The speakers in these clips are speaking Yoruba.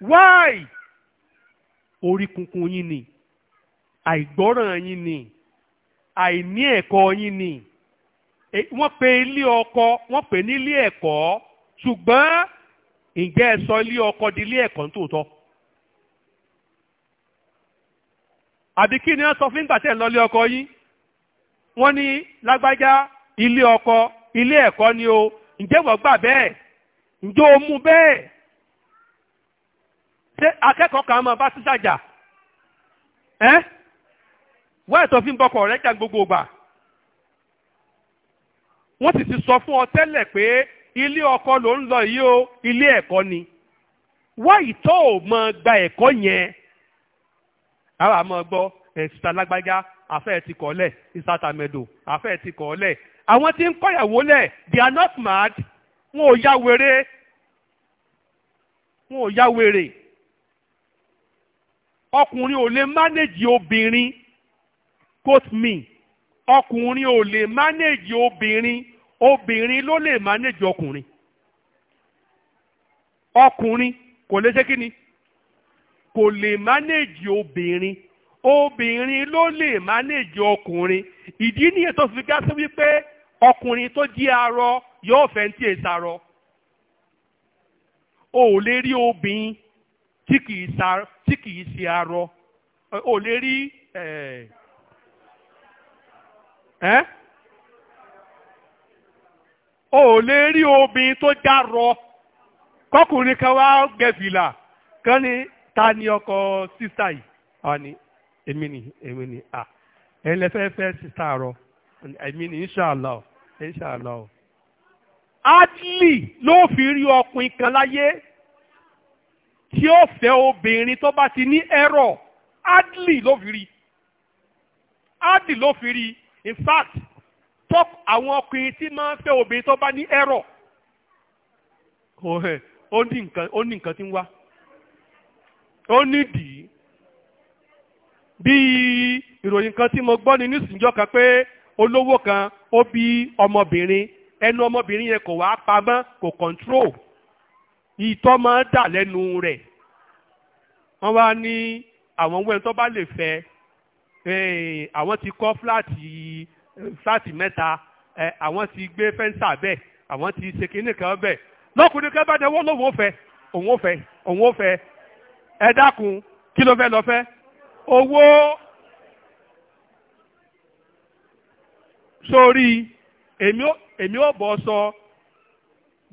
why orí kunkun yín ni àìgbọ́ràn yín ni àìní ẹ̀kọ́ yín ni e, wọ́n pe ilé ọkọ wọ́n pè ní ilé ẹ̀kọ́ ṣùgbọ́n ǹjẹ́ ẹ sọ ilé ọkọ di ilé ẹ̀kọ́ nítòótọ́ àbí kí ni wọ́n sọ fún gbàtẹ́ lọ ilé ọkọ yín wọ́n ní lágbájá ilé ọkọ ilé ẹ̀kọ́ ni o ǹjẹ́ wọ́n gbà bẹ́ẹ̀ ǹjẹ́ o mú bẹ́ẹ̀ ṣé akẹ́kọ̀ọ́ kan máa bá sísà jà ẹ́ wọ́n ẹ̀tọ́ fi ń bọkọ̀ rẹ̀ jà gbogbo ìgbà wọ́n sì ti sọ fún ọ tẹ́lẹ̀ pé ilé ọkọ ló ń lọ yìí o ilé ẹ̀kọ́ ni wá ìtọ́ ò mọ gba ẹ̀kọ́ yẹn àwọn àmọ́ gbọ́ ẹ̀sìtà lágbájá afẹ́ ti kọ́ lẹ̀ ìsàtàmẹ́dò afẹ́ ti kọ́ àwọn tí ń kọ́yàwó lẹ̀ they are not mad wọn ò ya wèrè wọn ò ya wèrè ọkùnrin ò lè mánéjì obìnrin quote me ọkùnrin ò lè mánéjì obìnrin obìnrin ló lè mánéjì ọkùnrin ọkùnrin kò lè ṣe kíni kò lè mánéjì obìnrin obìnrin ló lè mánéjì ọkùnrin ìdí nìyẹn tó fi gásí wípé ọkùnrin tó jí arọ yóò fẹ́ ní tí o ò lè rí obìnrin tí kì í sa tí kìí ṣe arọ ò lè rí ẹ́ ò lè rí obìnrin tó já rọ kọkùnrin kan wá gẹ̀fìlà kan ní ta ni ọkọ sísá yìí ọ ni èmi ni èmi ni à ẹ lẹ fẹ́ fẹ́ sísá rọ èmi ni inṣàlá inṣàlá adley ló fi rí ọkùnrin kan láyé tí ó fẹ́ obìnrin tó bá ti ní ẹ̀rọ adley ló fi rí adley ló fi rí in fact top àwọn ọkùnrin tí máa ń fẹ́ obìnrin tó bá ní ẹ̀rọ ó ní nǹkan tí ń wá ó nídìí bíi ìròyìn kan tí mo gbọ́ ní nísìnyọ́ kan pé olówó kan ó bí ọmọbìnrin ẹnu ọmọbìnrin yẹn kò wá pamọ́ kò control ìtọ́ máa ń dà lẹ́nu rẹ̀ wọ́n wá ní àwọn wẹ́n tó bá lè fẹ́ eh, àwọn ti kọ́ fúláàtì fúláàtì mẹ́ta eh, àwọn ti gbé fẹ́ǹsà bẹ́ẹ̀ àwọn ti ṣe kínní kan bẹ́ẹ̀ lọ́kùnrin kan bá dẹ wọ́n lòun ò fẹ́ òun ò fẹ́ òun ò fẹ́ ẹ dákun kí ló fẹ́ lọ fẹ́ owó sórí èmi ò bọ̀ sọ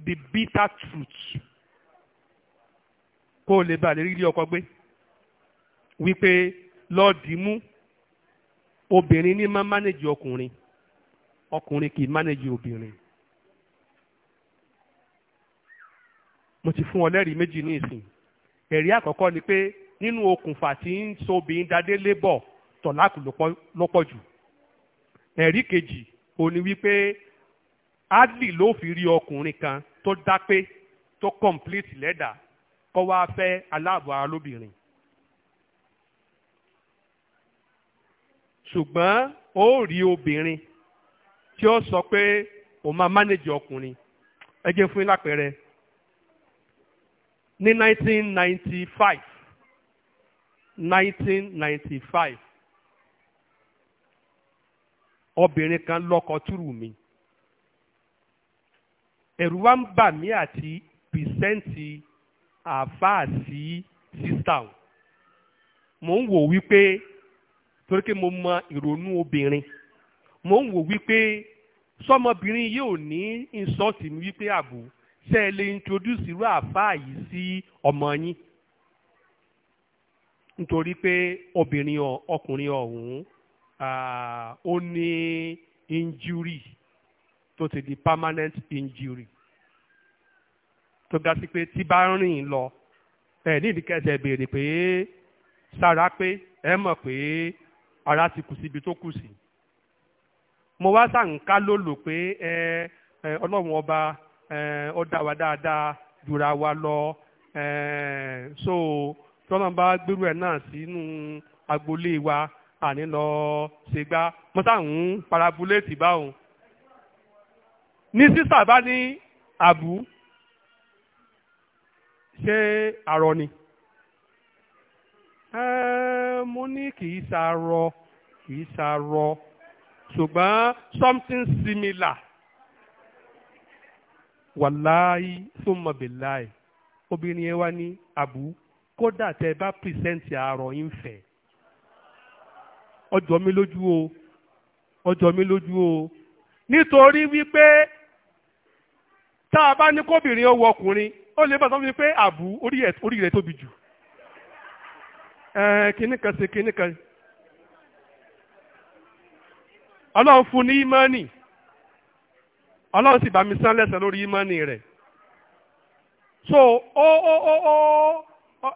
the bitter truth kó o lè balẹ̀ rí ọkọ gbé wípé lọ́ọ̀dì mú obìnrin ní máa mánéjì ọkùnrin ọkùnrin kì í mánéjì obìnrin. mo ti fún ọ lẹ́rìí méjì ní ìsìn ẹ̀rí àkọ́kọ́ ni pé nínú okùnfà tí ń so obìnrin dadé lébọ̀ tọ̀láàkù ló pọ̀ jù ẹ̀rí kejì òní wípé adley ló fi rí ọkùnrin kan tó dápé tó complete lẹ́dà kọ́ wá fẹ́ aláàbọ̀ ara lóbìnrin ṣùgbọ́n ó rí obìnrin tí ó sọ pé òun máa mánéjì ọkùnrin ẹ jẹ́ fún yín lápẹẹrẹ ní 1995 1995 obìnrin kan lọ́kọ túrú mi ẹ̀rù wa ń bà mí àti pìsẹ́ǹtì àfáà sí sísá mo ń wò wípé torí pé mo mọ ìrònú obìnrin mo ń wò wípé sọmọbìnrin yóò ní insult mi wípé àbò ṣe lè introduce irú àfáà yìí sí ọmọ yín nítorí pé obìnrin ọkùnrin ọ̀hún ó ní injury tó ti di permanent injury tó ga sí pé tí bá rìn lọ ẹ ní ìdíkẹsẹ béèrè pé sára pé ẹ mọ̀ pé ara ti kù síbi tó kù sí mo wá sàǹká lòlò pé ẹ ẹ ọlọ́run ọba ẹ ọ dá wa dáadáa jura wa lọ ẹ so tọ́lọ́n bá gbérú ẹ̀ náà sínú agboolé wa àní lọ ṣègbà mo sàǹ parabuléètì báwọn ní sísà bá ní àbú ṣé àrọ ni. Si mo ní kì í sarọ kì í sarọ ṣùgbọ́n something similar wàláì sọmọbìláì obìnrin yẹn wá ní àbú kódà tẹ bá pìrìsẹ́ǹtì àárọ̀ yín fẹ́ ọjọ́ mi lójú o ọjọ́ mi lójú o nítorí wípé tá a bá ní kóbìnrin ó ọkùnrin ó lè bá sọ fún àbú orí rẹ̀ tóbi jù kìíní kan sí kìíní kan ọlọ́run fún ní ímánì ọlọ́run sì bá mi san lẹ́sàn lórí ímánì rẹ̀ so ó ó ó ó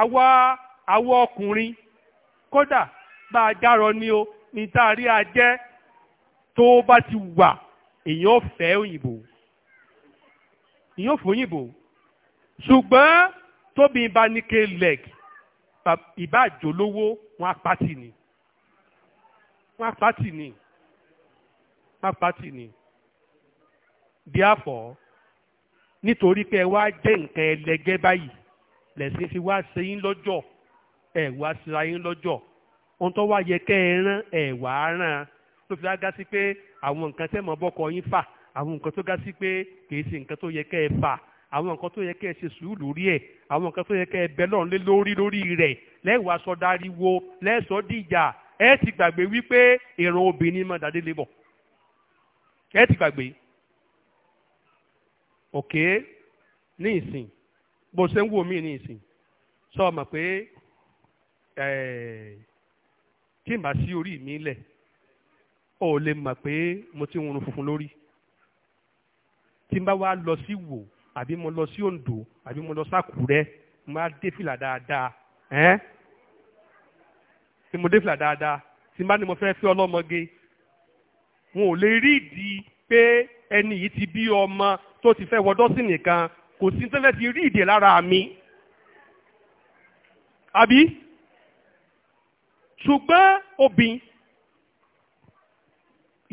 àwa àwa ọkùnrin kódà bá a járọ ni o ní tá a rí a jẹ́ tó bá ti wà èèyàn fẹ́ òyìnbó èèyàn fòyìnbó ṣùgbọ́n tóbi bá ní ké leg ìbá àjòlówó wọn apáti ni wọn apáti ni wọn apáti ni therefore nítorí pé ẹ wá jẹ́ nǹkan ẹlẹgẹ́ báyìí lẹ̀sìn fi wá ṣe yín lọ́jọ́ ẹ wá síra yín lọ́jọ́ ohun tó wá yẹ kẹ́ ẹ rán ẹ wá rán ló fi dá sí pé àwọn nǹkan tẹ́ mọ́ bọ́kọ yín fà àwọn nǹkan tó ga sí pé kì í ṣe nǹkan tó yẹ kẹ́ ẹ fà àwọn nǹkan tó yẹ kẹ́ ẹ ṣe sùúrù lórí ẹ̀ àwọn nǹkan tó yẹ kẹ́ ẹ bẹ lọ́run lé lórí lórí rẹ̀ lẹ́wàá sọ dáríwo lẹ́sọ̀ dìjà ẹ ti gbàgbé wípé ìran obìnrin máa dàdé lé bọ̀ ẹ ti gbàgbé òkè ní ìsìn bó ṣe ń wò mí ní ìsìn sọ ọ pé tí n bá sí orí mi lẹ̀ ó lè mọ̀ pé mo ti ń run funfun lórí tí n bá wá lọ sí wò àbí mo lọ sí Oǹdó àbí mo lọ sákùrẹ́ mo á dé fìlà dáadáa ẹ́n tí mo dé fìlà dáadáa tí n bá ní mo fẹ́ fẹ́ ọlọ́mọge wọn ò lè rí ìdí pé ẹni yìí ti bí ọmọ tó ti fẹ́ wọdọ́sì nìkan kò sí tẹ́lẹ̀ ti rí ìdè lára mi àbí ṣùgbọ́n obìn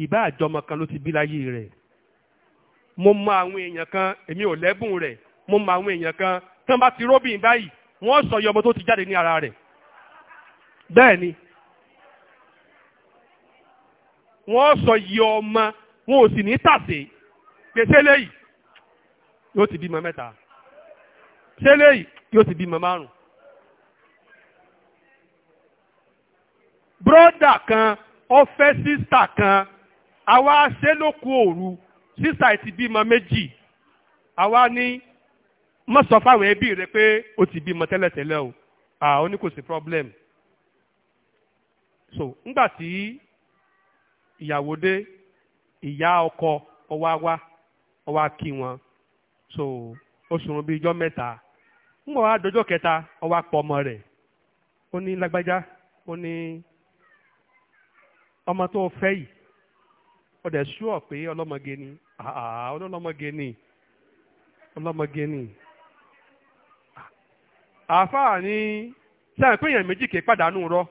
ìbá àjọmọ kan ló ti bí láyé rẹ̀ mo mọ àwọn èèyàn kan èmi ò lẹ́bùn rẹ̀ mo mọ àwọn èèyàn kan tán bá ti róbìn báyìí wọ́n sọ iye ọmọ tó ti jáde ní ara rẹ̀ bẹ́ẹ̀ ni wọ́n sọ iye ọmọ wọn ò sì ní tàsé pé sẹ́lẹ̀ yóò ti bímọ mẹ́ta sẹ́lẹ̀ yóò ti bímọ márùn. bróda kan ó fẹ́ kan àwa ṣe ló òru sísà ti bímọ méjì àwa ní mọ̀ sọ fáwọn ẹbí rẹ pé o ti bímọ tẹ́lẹ̀tẹ́lẹ̀ o àá ó ní kò sí problem so ńgbà tí ìyàwó dé ìyá ọkọ ọwá wá ọwá kí wọn so oṣù rún bíi ijọ́ mẹ́ta ń bọ̀ wá dọjọ́ kẹta ọwá pọ̀ ọmọ rẹ̀ ó ní lágbájá ó ní ọmọ tó fẹ́ yìí ó dẹ̀ sùọ́ pé ọlọ́mọge ni àà ah, ah, ọlọ́mọge ni ọlọ́mọge ni àáfàá ni sẹ́yìn pé èèyàn méjì kìí pàdánù rọ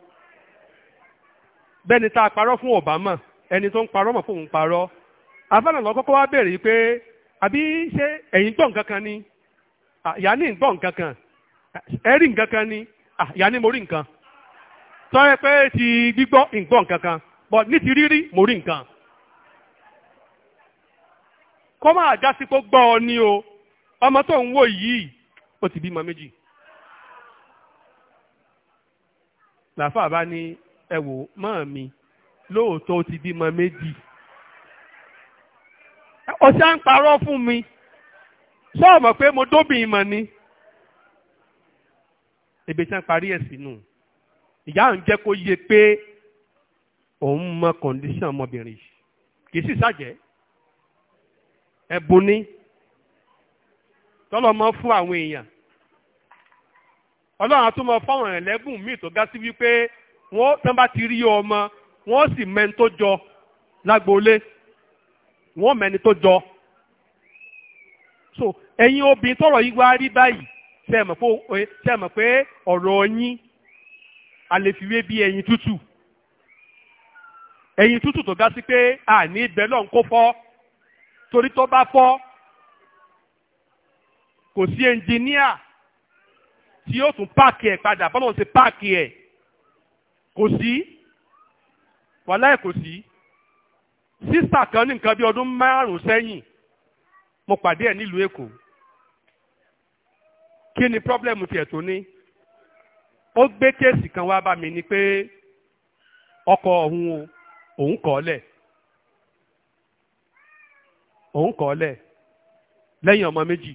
bẹ́ẹ̀ ni tá a parọ́ fún Obama ẹni tó ń parọ́ mọ̀ fóun parọ́ àáfàá náà bèèrè pé àbí ṣé ni ah, ìyá ní kó máa já sí pé gbọ́ ọ ní o ọmọ tó ń wò yìí ó ti bímọ méjì. làáfà bá ní ẹ wò mọ́ mi lóòótọ́ ó ti bímọ méjì. ọ̀sẹ̀ ń parọ́ fún mi sọ́ọ̀mọ̀ pé mo dóbìn ìmọ̀ ni. ebi tí wọ́n parí ẹ̀ sínú ìyá ń jẹ́ kó yé pé òun mọ kọ̀ǹdíṣàn ọmọbìnrin yìí kì í sì ṣàjẹ́ ẹ̀bùn ni tọ́lọ́ mọ́ fún àwọn èèyàn ọlọ́run á tún mọ fáwọn èèyàn lẹ́bùn míì tó gá sí wípé wọ́n tán bá ti rí ọmọ wọ́n sì mẹ́ni tó jọ lágboolé wọ́n mẹ́ni tó jọ so ẹ̀yin obìnrin tọ́rọ̀ yìí wá rí báyìí ṣe é mọ̀ pé ọ̀rọ̀ yín a lè fi wé bí ẹyin tútù ẹyin tútù tó gá sí pé àní ìbẹ́lọ̀ ń kó fọ́ torí tó bá fọ́ kò sí ẹnjìníà tí yóò tún páàkì ẹ̀ padà bọ́lá ṣe páàkì ẹ̀ kò sí wàláì kò sí sísà kan ní nǹkan bí ọdún márùn-ún sẹ́yìn mo pàdé ẹ̀ nílùú Èkó kí ni pọ́blẹ́mù tiẹ̀ tó ní ó gbé kéèsì kan wá bá mi ní pé ọkọ̀ ọ̀hún òun kọ̀ ọ́ lẹ̀ òun kọ́ lẹ̀ lẹ́yìn ọmọ méjì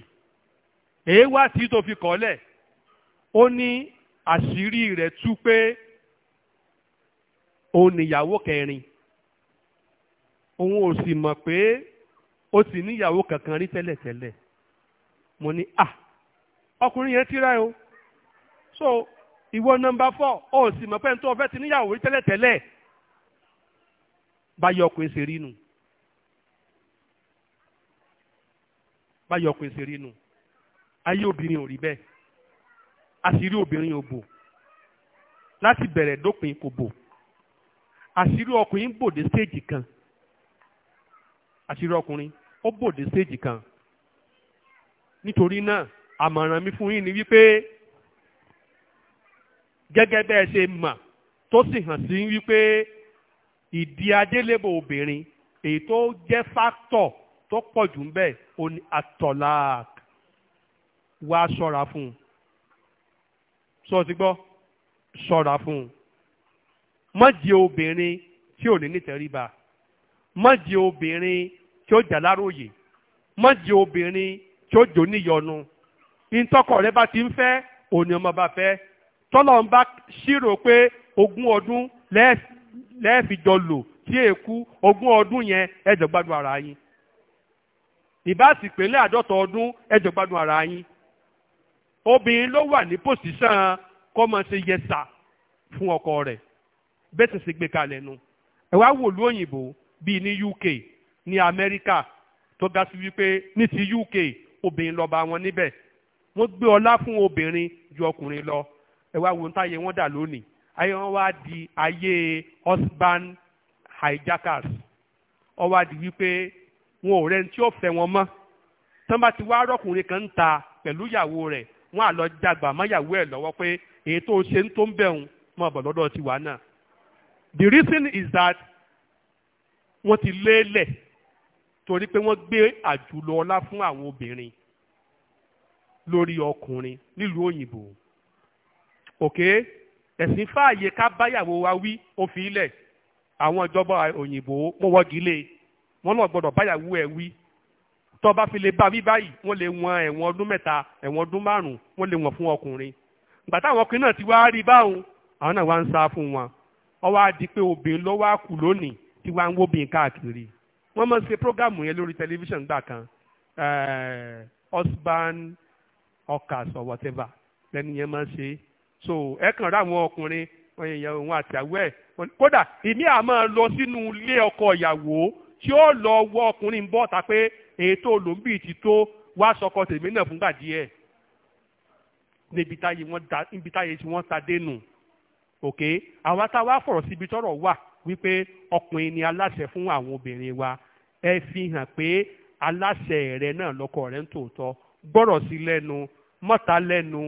èé wá tí tó fi kọ́ lẹ̀ ó ní àṣírí rẹ̀ tú pé òun níyàwó kẹrin òun ò sì mọ̀ pé ó sì níyàwó kankan rí tẹ́lẹ̀tẹ́lẹ̀ mo ní à ah, ọkùnrin yẹn tíra o so ìwọ nọmba four ó sì mọ̀ pé n tó fẹ́ ti níyàwó rí tẹ́lẹ̀tẹ́lẹ̀ báyọ̀ ọkùnrin ṣe rí nù. báyọ̀ ọkùnrin ṣe rí nu ayé obìnrin ò rí bẹ́ẹ̀ àṣírí obìnrin ò bò láti bẹ̀rẹ̀ dópin kò bò àṣírí ọkùnrin bòde stéèjì kan àṣírí ọkùnrin ó bòde stéèjì kan nítorí náà àmọ̀ràn mi fún yín ni wípé gẹ́gẹ́ bẹ́ẹ̀ ṣe mà tó sì hàn sí wípé ìdí adélébò obìnrin èyí tó jẹ́ fáktọ̀ tó pọ̀ jù ń bẹ́ẹ̀ ó ní atọ́láàk wá ṣọ́ra fún un sọ ti gbọ́ ṣọ́ra fún un má jẹ́ obìnrin tí ò ní nítẹríba má jẹ́ obìnrin tí ó jà láròyè má jẹ́ obìnrin tí ó jò níyọnu ìtọ́kọ̀ rẹ bá ti ń fẹ́ òní ọmọ bá fẹ́ tọ́lọ̀ ń bá ṣírò pé ogún ọdún lẹ́ẹ̀fìjọ lò tí èkú ogún ọdún yẹn ẹ̀jọ̀ gbádùn ara yín ìbá sì pélé àádọ́ta ọdún ẹjọ́ gbádùn ara yín obìnrin ló wà ní pòsíṣàn kọ́mọ ṣe yẹsà fún ọkọ rẹ̀ bẹ́ẹ̀ sì sì gbé kalẹ̀ nu ẹ wá wò lú òyìnbó bíi ní UK ní Amẹ́ríkà tó ga sí wípé ní ti UK obìnrin lọ́ba wọn níbẹ̀ wọ́n gbé ọlá fún obìnrin ju ọkùnrin lọ ẹ wá wo ń táyé wọn dà lónìí ayé wọn wá di ayé husband hijackers ó wá di wípé wọn ò rẹ́ni tí ó fẹ́ wọn mọ́ tán bá ti wá rọ́kùnrin kan ń ta pẹ̀lú ìyàwó rẹ̀ wọ́n á lọ jagbà máyàwó ẹ̀ lọ́wọ́ pé èyí tó ṣe ń tó ń bẹ̀rùn mọ́ ọ̀bọ̀ lọ́dọ̀ tiwa náà. the reason is that wọ́n ti lélẹ̀ torí pé wọ́n gbé àjùlọ ọlá fún àwọn obìnrin lórí ọkùnrin nílùú òyìnbó ok ẹ̀sìn fààyè ká báyàwó wa wí ó fi ilẹ̀ àwọn ìjọba òyìnbó wọ́n wọ́gi wọ́n lọ gbọ́dọ̀ báyàwó ẹ̀ wí tó bá fi lè bá wí báyìí wọ́n lè wọn ẹ̀wọ̀n ọdún mẹ́ta ẹ̀wọ̀n ọdún márùn-ún wọ́n lè wọ̀n fún ọkùnrin ìgbà táwọn ọkùnrin náà ti wá rí báwọn àwọn náà wá ń sá fún wọn ó wá pé obìnrin ló wá kù lónìí tí wá ń wóbìn káàkiri wọ́n máa ń ṣe prógámù yẹn lórí tẹlifíṣàn gbà kan eh, husband hawkers or whatever lẹ́ni yẹn máa ń ṣe so ẹ kàn rá àwọn ọkùnrin wọn èèyàn òun àtìyàwó ẹ̀ kódà ìmí àmọ́ lọ sínú ilé ọkọ ìyàwó tí ó lọ wọ ọkùnrin bọ́ ta pé ètò olóńgbì ti tó wá sọkọ tèmi náà fúngbà díẹ̀ níbi táyé wọn da níbi táyé tí wọ́n ta dénú òkè àwọn táwa fọ̀rọ̀ síbi tọ́rọ̀ wà wípé ọkùnrin ni aláṣẹ fún àwọn obìnrin wa ẹ fi hàn pé aláṣẹ rẹ náà lọ́kọ rẹ ń tòótọ́ gbọ́rọ̀ sí lẹ́nu mọ́ta lẹ́nu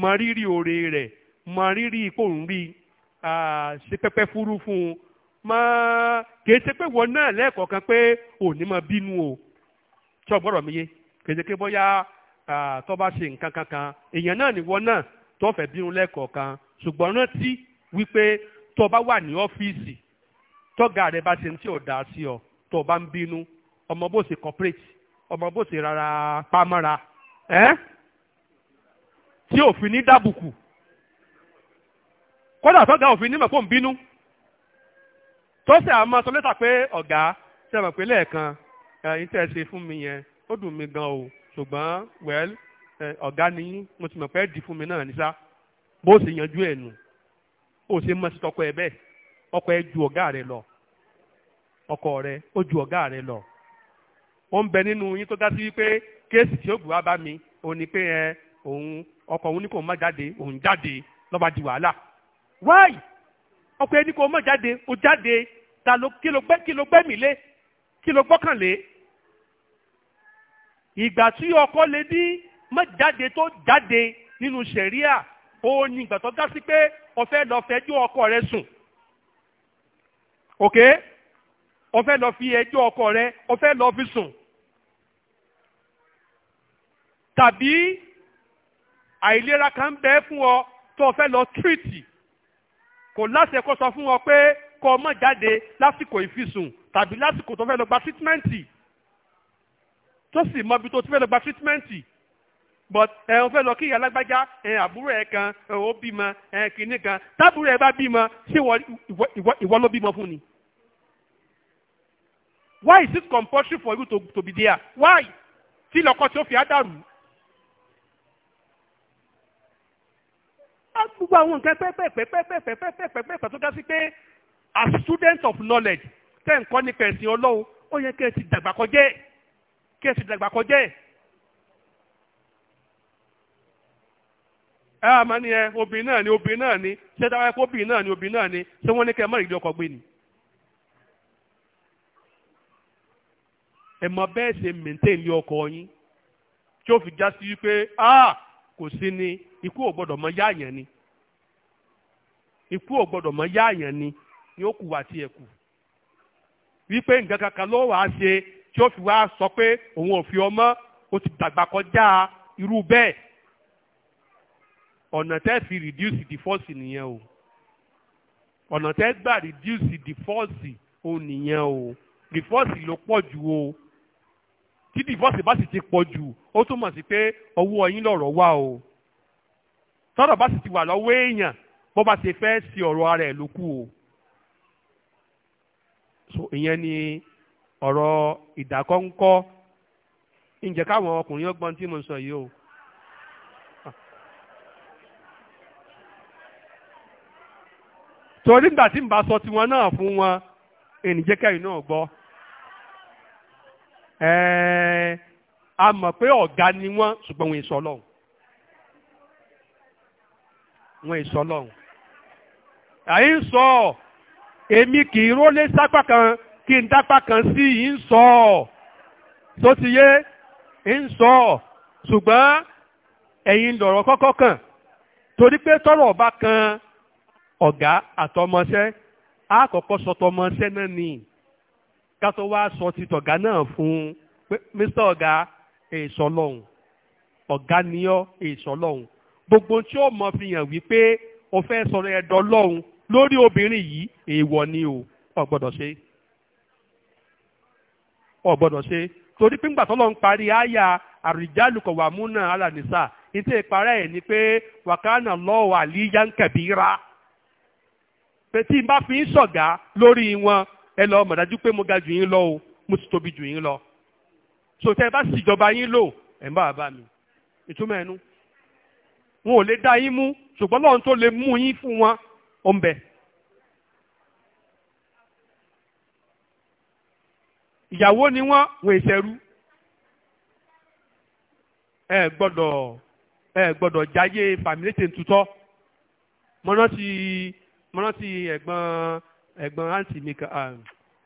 mọ rírì oore rẹ̀ mọ rírì kò ṣe pẹ́pẹ́ fúrú fún un máa kìí ṣe pé wọn náà lẹ́ẹ̀kọ̀ọ̀kan pé òní máa bínú o ṣọ́ gbọ́dọ̀ mi yé kìí ṣe pé bóyá tó bá ṣe nǹkan kankan èèyàn náà ni wọn náà tó fẹ́ bínú lẹ́ẹ̀kọ̀ọ̀kan ṣùgbọ́n rántí wípé tó bá wà ní ọ́fíìsì tọ́gà rẹ bá ṣe ń tí ò dá sí ọ tó bá ń bínú ọmọ bó ṣe corporate ọmọ bó ṣe rárá pamọ́ra ẹ́ tí òfin ní dábùkù kódà tọ́gà òfin ní mọ̀ pé bínú tọ́sẹ̀ àmọ́ sọ lẹ́tà pé ọ̀gá ṣe mọ̀ pé lẹ́ẹ̀kan ẹ̀yin tẹ́ ẹ ṣe fún mi yẹn ó dùn mí gan o ṣùgbọ́n wẹ́l ọ̀gá ni mo ti mọ̀ pé dì fún mi náà níṣá bó ṣe yanjú ẹ̀ nù ó ṣe mọ̀ sí tọkọ ẹ bẹ́ẹ̀ ọkọ ẹ ju ọ̀gá rẹ lọ ọkọ rẹ ó ju ọ̀gá rẹ lọ ó ń bẹ nínú yín tó dá sí wípé kéèsì tí ó gbé bá mi òun ni pé ẹ òun ọkọ òun ní kò má jáde òun jáde ló bá di wàhálà wáyìí ọkọ ẹni kò mọ̀ jáde o jáde ta ló kí ló gbẹ́ kí ló gbẹ́mí lé kí ló gbọ́kàn lé ìgbà tí ọkọ lè ní mọ̀ jáde tó jáde nínú sẹ̀ríà ó ní ìgbà tó dá sí pé ó fẹ́ lọ fẹjọ́ ọkọ rẹ sùn ok ó fẹ́ lọ fi ẹjọ́ ọkọ rẹ ó fẹ́ lọ fi sùn tàbí àìlera kan bẹ fún ọ tó o lọ tírìtì kò láṣẹ kó sọ fún ọ pé kó o má jáde lásìkò ìfisùn tàbí lásìkò tó fẹ́ lọ gba tírítímẹ́ǹtì tó sì mọ ibi tó ti fẹ́ lọ gba tírítímẹ́ǹtì but ẹ o fẹ́ lọ kí ìyá alágbájá ẹ àbúrò ẹ kan ẹ o bímọ ẹ kìíní kan tábúrò ẹ bá bímọ ṣé ìwọ ló bímọ fún ni. why is it compulsory for you to, to be there why tí lọkọ tí ó fi á dàrú gbogbo àwọn nǹkan pẹ́pẹ́pẹ́pẹ́pẹ́pẹ́pẹ́pẹ́pẹ́ tó ká sí pé as student of knowledge tẹ́ ń kọ́ nípa ẹ̀sìn ọlọ́run ó yẹ kí ẹ ti dàgbà kọjẹ́ kí ẹ ti dàgbà kọjẹ́. ẹ á máa ní ẹ obìnrin náà ni obìnrin náà ni ṣé dáwọ́ ẹ kó obìnrin náà ni obìnrin náà ni ṣé wọ́n ní kí ẹ má rí ilé ọkọ gbé ni. ẹ mọ bẹ́ẹ̀ ṣe maintain ilé ọkọ yín tí ó fi já sí wípé ah kò sí ni ikú ò gbọ́dọ̀ mọ yáàyàn ni ikú ò gbọ́dọ̀ mọ yáàyàn ni ni ó kù wá tí ẹ kù wípé nǹkan kankan ló wàá ṣe tí ó fi wá sọ pé òun ò fi ọmọ ó ti dàgbà kọjá irú bẹ́ẹ̀ ọ̀nà tẹ́ fi reduce the force nìyẹn o ọ̀nà tẹ́ gbà reduce the force o nìyẹn o the force ló pọ̀ jù o tí divorce bá sì ti pọ̀ jù ó túmọ̀ sí pé ọwọ́ yín lọ̀rọ̀ wà o tọ́rọ̀ bá sì ti wà lọ́wọ́ èèyàn bó bá ṣe fẹ́ sí ọ̀rọ̀ ara ẹ̀ ló kù o so ìyẹn ni ọ̀rọ̀ ìdákọ́ńkọ́ ǹjẹ́ káwọn ọkùnrin ọgbọ́n tí mo sọ yìí o. torí nígbà tí n bá sọ tiwọn náà fún wọn ènìjẹ́kẹ́yìn náà gbọ́. a mọ̀ pé ọ̀gá ni wọ́n ṣùgbọ́n wọn èso ọlọ́run wọn èso ọlọ́run àyè ń sọ èmi kì í rólé sápá kan kí n dápá kan sí yìí ń sọ tó ti yé ń sọ ṣùgbọ́n ẹ̀yin lọ̀rọ̀ kọ́kọ́ kàn torí pé tọ́rọ̀ bá kan ọ̀gá àtọmọṣẹ́ á sọ tọmọṣẹ́ náà nìyí. ká tó wá sọ ti tọ̀gá náà fún mr ọ̀gá èso lọ́hùn ọ̀gá ni ọ́ èso lọ́hùn gbogbo tí ó mọ̀ fi hàn wípé o fẹ́ sọ̀rọ̀ ẹ̀dọ̀ lọ́hùn lórí obìnrin yìí èèwọ̀ ni o ò gbọ́dọ̀ ṣe ò gbọ́dọ̀ ṣe torí pé ńgbà tọ́lọ́ ń parí àyà àrìjálùkọ̀ wà múnà alànìsà ìtì ìparẹ́ ẹ̀ ni pé wàkánà lọ́wọ́ àlíyá ń kẹ̀bí ra pé tí n bá fi ń ṣọ̀gá lórí wọn ẹ lọ mọ̀ dájú pé mo ga jù yín lọ o mo sì tóbi jù yín lọ so tẹ́ ẹ bá sì jọba yín lò ẹ̀ ń bá bàbá mi ìtumọ̀ ẹnu wọn ò lè dá yín mú ṣùgbọ́n lọ́run tó lè mú yín fún wọn ó ń bẹ. ìyàwó ni wọ́n wọn ìṣẹ́rú ẹ gbọ́dọ̀ ẹ gbọ́dọ̀ jáyé fàmílétè tutọ́ mọ́nà ti mọ́nà ti ẹ̀gbọ́n ẹ̀gbọ́n àǹtí mi kan ah,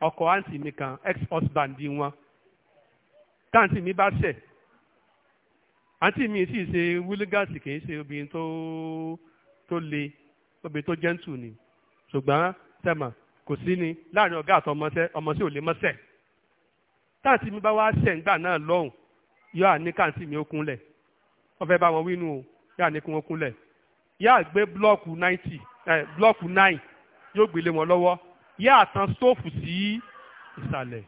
ọkọ àǹtí mi kan ex husband wọn táǹtí mi bá ṣẹ̀ àǹtí mi sì ṣe wílígàsì kì í ṣe obìnrin tó tó le obìnrin tó gentle ni ṣùgbọ́n tẹ̀mọ̀ kò sí ni láàrin ọ̀gá àti ọmọọṣẹ́ ọmọọṣẹ́ ò lè mọ́ṣẹ́ táǹtí mi bá wá ṣẹ̀ ńgbà náà lọ́hùn yóò àní káǹtí mi ó kúnlẹ̀ wọ́n fẹ́ bá wọn wínú o yóò àní kí wọ́n kúnlẹ̀ yóò àgbé blọ́ọ̀kù ninety eh, blọ́ọ̀kù nine yóò gbélé wọn lọ́wọ́ yá àtàn stóòfù sí ìsàlẹ̀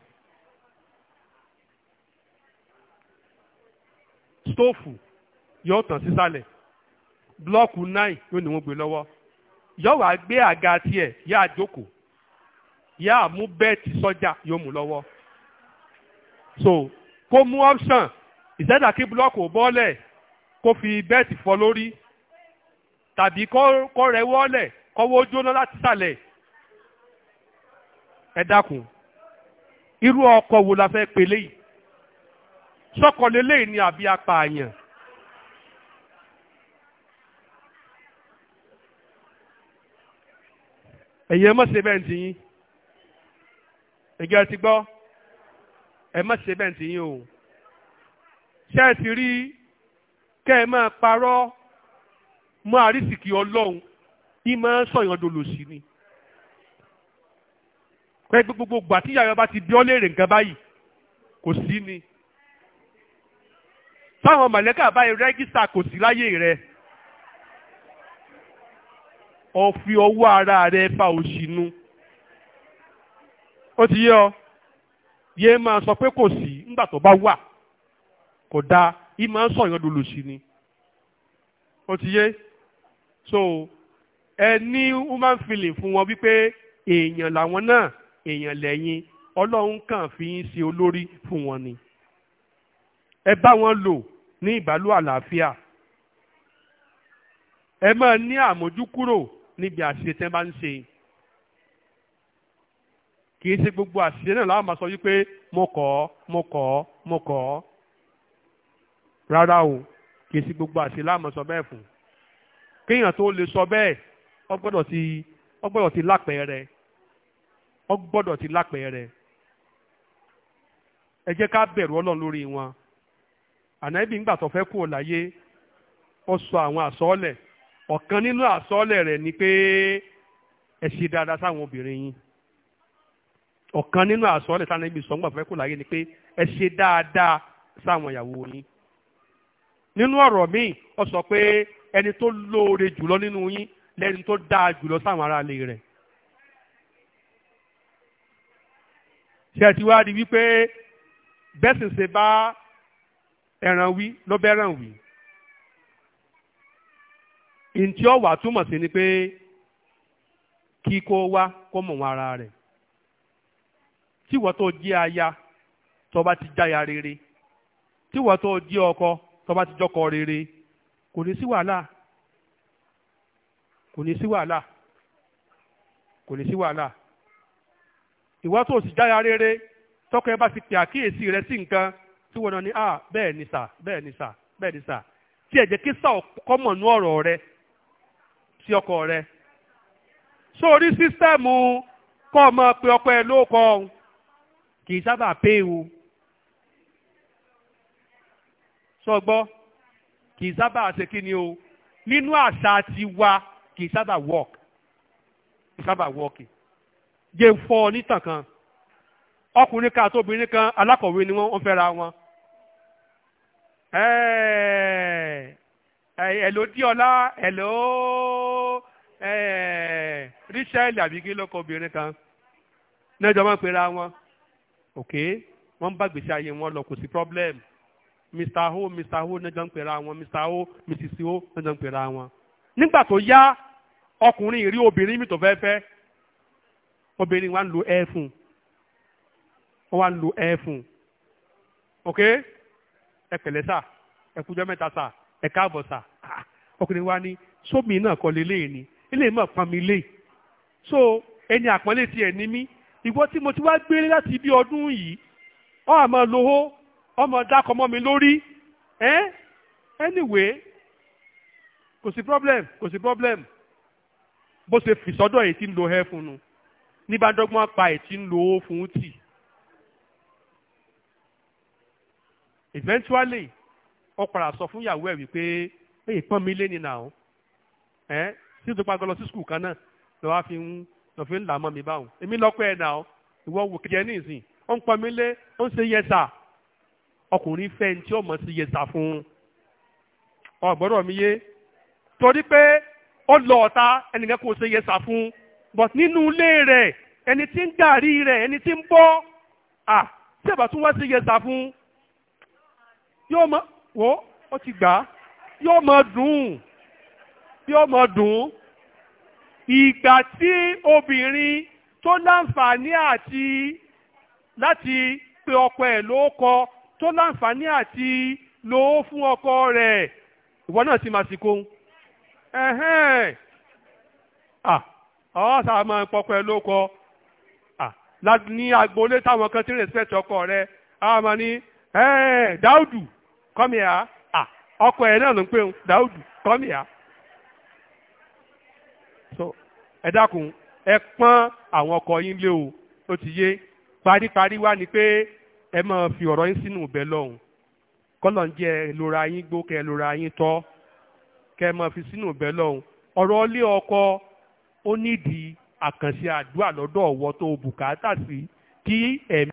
stóòfù yóò tàn sísàlẹ̀ blọọkù nine yóò ní wọn gbé lọ́wọ́ yóò wá gbé àga tiẹ̀ yá àjókòó yá àmú bẹ́ẹ̀tì sọ́jà yóò mú lọ́wọ́ so kó mú option ìṣẹ́dá kí blọọkù bọ́ọ̀lẹ̀ kó fi bẹ́ẹ̀tì fọ́ lórí tàbí kó rẹ wọ́ọ̀lẹ̀ kọ́wọ́ jóná láti sàlẹ̀ ẹ dákun irú ọkọ̀ wo la fẹ́ pele yìí sọ́kọ̀ lélẹ́yìí ni àbí apààyàn ẹ̀yin ẹ má ṣe bẹ́ẹ̀ ntì yín ẹ̀jẹ̀ ti gbọ́ ẹ má ṣe bẹ́ẹ̀ ntì yín o ṣé ẹ ti rí kẹ́ ẹ máa parọ́ mọ́ àrísìkì ọlọ́run ní máa ń sọ̀yàn dolòṣì ni pé gbogbo ìgbà tí ìyá ọba ti bí ọ́ léèrè nǹkan báyìí kò sí ni táwọn mọ̀lẹ́kà báyìí rẹ́gísà kò sí láyé rẹ ó fi ọwọ́ ara rẹ fa òṣìnú ó ti yé ọ yéé máa sọ pé kò sí nígbà tó bá wà kò dáa ìmọ̀ sọ̀yàn dolòṣì ni ó ti yé so ẹ ní human feeling fún wọn wípé èèyàn làwọn náà èèyàn lẹ́yìn ọlọ́run kàn fi ń ṣe olórí fún wọn ni. ẹ bá wọn lò ní ìbálò àlàáfíà ẹ máa ní àmójúkúrò níbi àṣìṣe tẹ́ bá ń ṣe kì í ṣe gbogbo àṣìṣe náà láwọn máa sọ wípé mo kọ́ mo kọ́ mo kọ́ rárá o kì í ṣe gbogbo àṣìṣe láwọn máa sọ bẹ́ẹ̀ fún kéèyàn tó lè sọ bẹ́ẹ̀ ó gbọ́dọ̀ ti ó gbọ́dọ̀ ti lápẹẹrẹ ó gbọ́dọ̀ ti lápẹẹrẹ ẹ jẹ́ ká bẹ̀rù ọlọ́run lórí wọn ànábì ńgbà tó fẹ́ kúrò láyé ó sọ àwọn àsọọ́lẹ̀ ọkan nínú àsọọ́lẹ̀ rẹ ni pé ẹ ṣe dáadáa sáwọn obìnrin yín ọ̀kan nínú àsọọ́lẹ̀ sáwọn ibi sọ̀ngbà fẹ́ kúrò láyé ni pé ẹ ṣe dáadáa sáwọn ìyàwó yín nínú ọ̀rọ̀ míì ó sọ pé ẹni tó lóore jùlọ nínú yín lẹ́ni tó dáa jùlọ sáwọn aráalé rẹ̀. ṣe ti wá di wípé bẹ́sìn ṣe bá ẹran wí ló bẹ́ràn wí. ntí ọ̀wà túmọ̀ sí ni pé kí kó wá kó mọ̀ wọn ara rẹ̀. tíwọ́ tó jẹ́ aya tó ti jáya rere tíwọ́ tó jẹ́ ọkọ tó ti jọkọ rere kò ní sí wàhálà. kò ní sí wàhálà kò ní sí wàhálà ìwà tó sì dára rere tọkọ ẹ bá ti pè àkíyèsí rẹ sí nǹkan tí wọn ní à ah, bẹ́ẹ̀ ni sà bẹ́ẹ̀ ni sà bẹ́ẹ̀ ni sà tí ẹ jẹ́ kí sà kọmọnú ọ̀rọ̀ rẹ sí ọkọ rẹ sórí sísítẹ́ẹ̀mù kọ́ ọ máa ọkọ ẹ lóko kì í sábà pé o sọgbọ́ kì í sábà ṣe kí ni o nínú àṣà tiwa kì í sábà work kì í sábà work jẹ́ ń fọ́ ọ nítàn kan ọkùnrin kan àti obìnrin kan alákọ̀wé ni wọ́n fẹ́ ra wọn. ẹ̀lò díọ̀lá ẹ̀lò Richard, àbíkí lọ́kọ̀ obìnrin kan lẹ́jọ́ máa ń pera wọn. ok wọ́n ń bá gbèsè ayé wọn lọ kò sí problem mr ho mr ho lẹ́jọ́ ń pera wọn mr ho mrs ho lẹ́jọ́ ń pera wọn. nígbà tó yá ọkùnrin ìrí obìnrin mi tó fẹ́ fẹ́ obìnrin wa ń lo ẹ fún un wa ń lo ẹ fún un ok ẹ pẹ̀lẹ́ sà ẹ kújọ́ mẹ́ta sà ẹ káàbọ̀ sà ah, ọkùnrin wa ní sómi náà kọ́ lélẹ́yìí ni eléyìí mọ̀ pọn mi léyìí so ẹni àpọ́nlé tiẹ̀ ní mí ìwọ tí mo ti wá gbélé láti bí ọdún yìí ọ àmọ́ lowó ọmọ dákọ̀ mọ́ mi lórí ẹ́ anyway kò sí problem kò sí problem bó ṣe fì sọ́dọ̀ èyí tí ń lo ẹ́ fún un ní bá dọ́gbọ́n pa èyí tí ń lo ó fún tì. eventually ó padà sọ fún ìyàwó ẹ̀ wípé èyí pọ́n mi lé ní nà ó ẹ́ sí tó pagọ́ lọ sí skul kan náà lọ́ wá fi ń lọ́ fi ń là mọ́ mi báwọn èmi lọ́pọ̀ ẹ̀ nà ó ìwọ wò kẹjẹ ní ìsìn ó ń pọ́n mi lé ó ń ṣe yẹsà ọkùnrin fẹ́ ẹni tí ó mọ̀ sí yẹsà fún un ọ̀gbọ́dọ̀ mi yé torí pé ó lọ ọ̀tá ẹnìkan kò ṣe yẹsà fún but nínú ilé rẹ̀ ẹni tí ń gàrí rẹ̀ ẹni tí ń bọ́ à tí ẹ̀bà tún wá ṣe yẹsà fún yóò mọ wò ó ti gbà á yóò mọ dùn yóò mọ dùn ìgbà tí obìnrin tó láǹfààní àti láti pe ọkọ ẹ̀ ló kọ tó láǹfààní àti lò ó fún ọkọ rẹ̀ ìwọ náà ti màsìkò Eheee! Ah, sá máa pọkọ ẹ lóko ní agboolé táwọn kan ti respect ọkọ rẹ A máa ní dáúdù kọ́mìà ọkọ ẹ náà ló ń pè ń dáúdù so ẹ dákun ẹ pọ́n àwọn ọkọ o ti yé paríparí wá ni pé ẹ fi ọ̀rọ̀ yín sínú ìbẹ́ lọ́hùn kọ́lọ̀ ń yín yín tọ́. kẹ́ ẹ máa fi sínú ìbẹ́ lọ́hùn ọ̀rọ̀ ilé ọkọ ó nídìí àkànṣe àdúrà lọ́dọ̀ ọ̀wọ́ tó bùkátà sí kí ẹ̀mí.